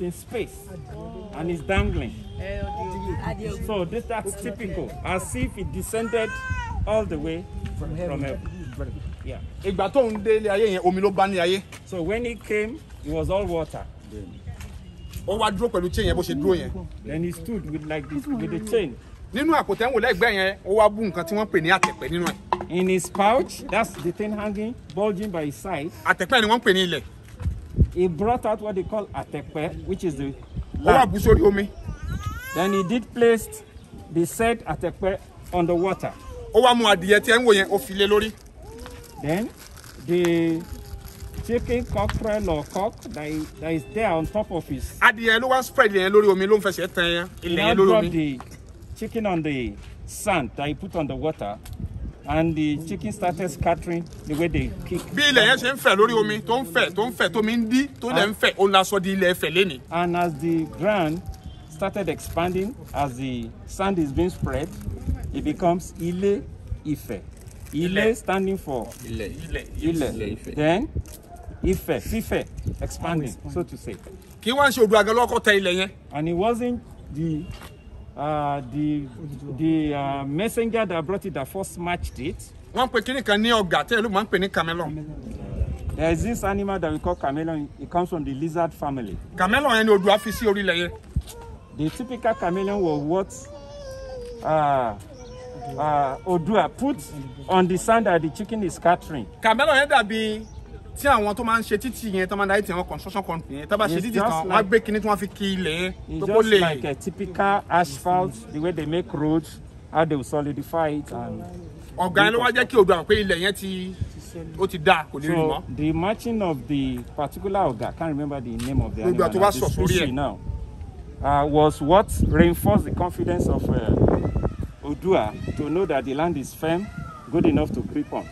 in space and is dangling. So this that's typical, as if it descended all the way from heaven. Yeah. Ìgbà tó ń dé ilé ayé yẹn, omi So when he came, it was all water. Ó wá dúró pẹ̀lú chain yẹn bó ṣe dúró yẹn. Then he stood with like this with the chain. Nínú àpòtẹ́wò lẹ́gbẹ̀ẹ́ yẹn, ó wá bú nǹkan tí wọ́n pè ní àtẹ̀pẹ́ nínú ẹ̀. In his pouch, that's the thing hanging, bulging by his side. Àtẹ̀pẹ́ ni wọ́n pè ní ilẹ̀ he brought out what they call atepe, which is the lamp. Then he did placed the said atepe on the water. Then the chicken cockerel or cock that is, that is there on top of his. Adìyẹ ló He now dropped the chicken on the sand that he put on the water and the chicken started scattering the way they kick. bí ilẹ̀ yẹn ṣe ń fẹ̀ lórí omi tó ń fẹ̀ tó ń fẹ̀ tómi ń dí tó lẹ̀ ń fẹ̀ ó la sọ di ilẹ̀ ẹfẹ̀ lẹ́ni. and as the ground started expanding as the sand is being spread it becomes Ile Ife Ile standing for Ile Ile Ile Ife then Ife Fife expanding so to say. kí wọ́n ṣe odò àgẹ́lọ́kọ̀ tẹ ilẹ̀ yẹn. and it wasn't the uh, the the uh, messenger that brought it that first matched it. wọ́n pe kínní kan ní ọgà tí ẹlòmíràn pe ní camelon. there is this animal that we call camelon it comes from the lizard family. camelon yẹn ni odò àfi sí orílẹ̀ yẹn. the typical camelon was what uh, uh, odua put on the sand that the chicken is scattering. camelon yẹn dàbí tí àwọn tó máa ń ṣe títì yẹn tó máa ń darí àwọn construction company yẹn tó bá ṣe títì tán wọ́n á gbé kinní tí wọ́n fi kí ilẹ̀ tó kó lè. it's just like a typical asphalt the way they make roads how they solidify it and. ọ̀gá yẹn ló wá jẹ́ kí odò àwọn ilẹ̀ yẹn ti ó ti da kò lè rìn mọ́. so the matching of the particular oga I can't remember the name of the animal at the species now uh, was what reinforced the confidence of uh, Odua to know that the land is firm good enough to creep on.